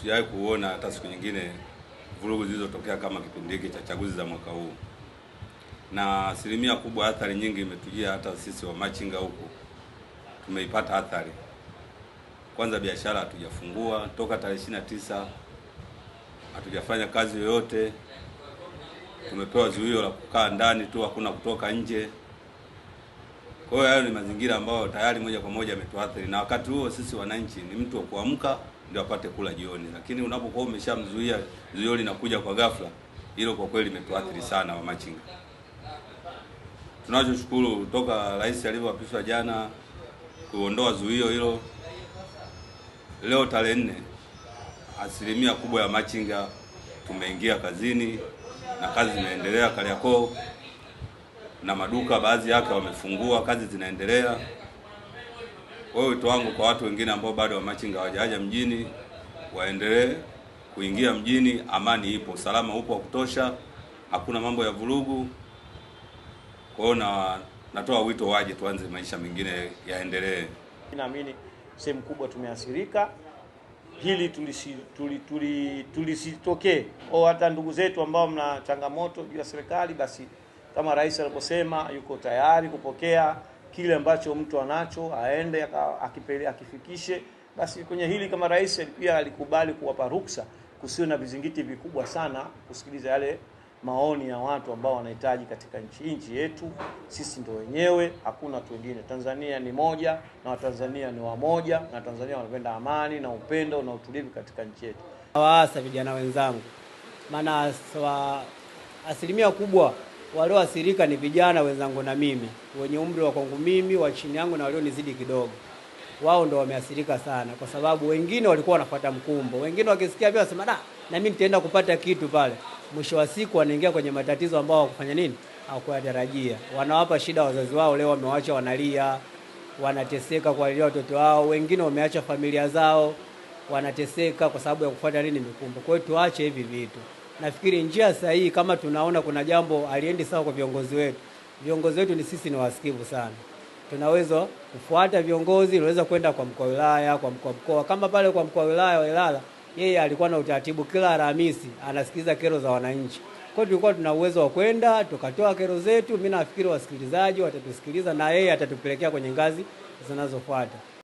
sijawahi kuona hata siku nyingine vurugu zilizotokea kama kipindi hiki cha chaguzi za mwaka huu, na asilimia kubwa, athari nyingi imetujia hata sisi machinga huku tumeipata athari. Kwanza biashara hatujafungua toka tarehe ishirini na tisa, hatujafanya kazi yoyote, tumepewa zuio la kukaa ndani tu, hakuna kutoka nje. Kwa hiyo hayo ni mazingira ambayo tayari moja kwa moja ametuathiri, na wakati huo sisi wananchi ni mtu wa kuamka ndio apate kula jioni, lakini unapokuwa umeshamzuia zuio linakuja kwa ghafla, hilo kwa kweli limetuathiri sana wamachinga. Tunachoshukuru toka rais alivyoapishwa jana kuondoa zuio hilo, leo tarehe nne, asilimia kubwa ya machinga tumeingia kazini na kazi zinaendelea Kariakoo, na maduka baadhi yake wamefungua, kazi zinaendelea. Kwa hiyo wito wangu kwa watu wengine ambao bado wamachinga hawajaja mjini waendelee kuingia mjini. Amani ipo, usalama upo wa kutosha, hakuna mambo ya vurugu. Kwa hiyo na natoa wito waje, tuanze maisha mengine yaendelee. Naamini sehemu kubwa tumeathirika, hili tulisitokee tuli, tuli, tulisi o hata ndugu zetu ambao mna changamoto juu ya serikali, basi kama rais aliposema yuko tayari kupokea kile ambacho mtu anacho aende akipele, akifikishe. Basi kwenye hili kama rais pia alikubali kuwapa ruksa, kusiwe na vizingiti vikubwa sana kusikiliza yale maoni ya watu ambao wanahitaji katika nchi nchi yetu. Sisi ndo wenyewe, hakuna watu wengine. Tanzania ni moja na Watanzania ni wamoja, na Tanzania wanapenda amani na upendo na utulivu katika nchi yetu. Nawaasa vijana wenzangu, maana asilimia kubwa walioathirika ni vijana wenzangu na mimi wenye umri wa kwangu mimi wa chini yangu na walionizidi kidogo, wao ndo wameathirika sana, kwa sababu wengine walikuwa wanafuata mkumbo, wengine wakisikia vile wasema da, na mimi nitaenda kupata kitu pale. Mwisho wa siku wanaingia kwenye matatizo ambao hawakufanya nini, hawakuyatarajia. Wanawapa shida wazazi wao, leo wamewacha wanalia, wanateseka kwa kuwalea watoto wao, wengine wameacha familia zao, wanateseka kwa sababu ya kufuata nini, mikumbo. Kwa hiyo tuache hivi vitu nafikiri njia sahihi, kama tunaona kuna jambo aliendi sawa kwa viongozi wetu. Viongozi wetu ni sisi, ni wasikivu sana, tunaweza kufuata viongozi, tunaweza kwenda kwa mkoa wa wilaya, kwa mkoa mkoa, kama pale kwa mkoa wa wilaya wa Ilala, yeye alikuwa na utaratibu, kila Alhamisi anasikiliza kero za wananchi. Kwa hiyo tulikuwa tuna uwezo wa kwenda tukatoa kero zetu. Mimi nafikiri wasikilizaji watatusikiliza na yeye atatupelekea kwenye ngazi zinazofuata.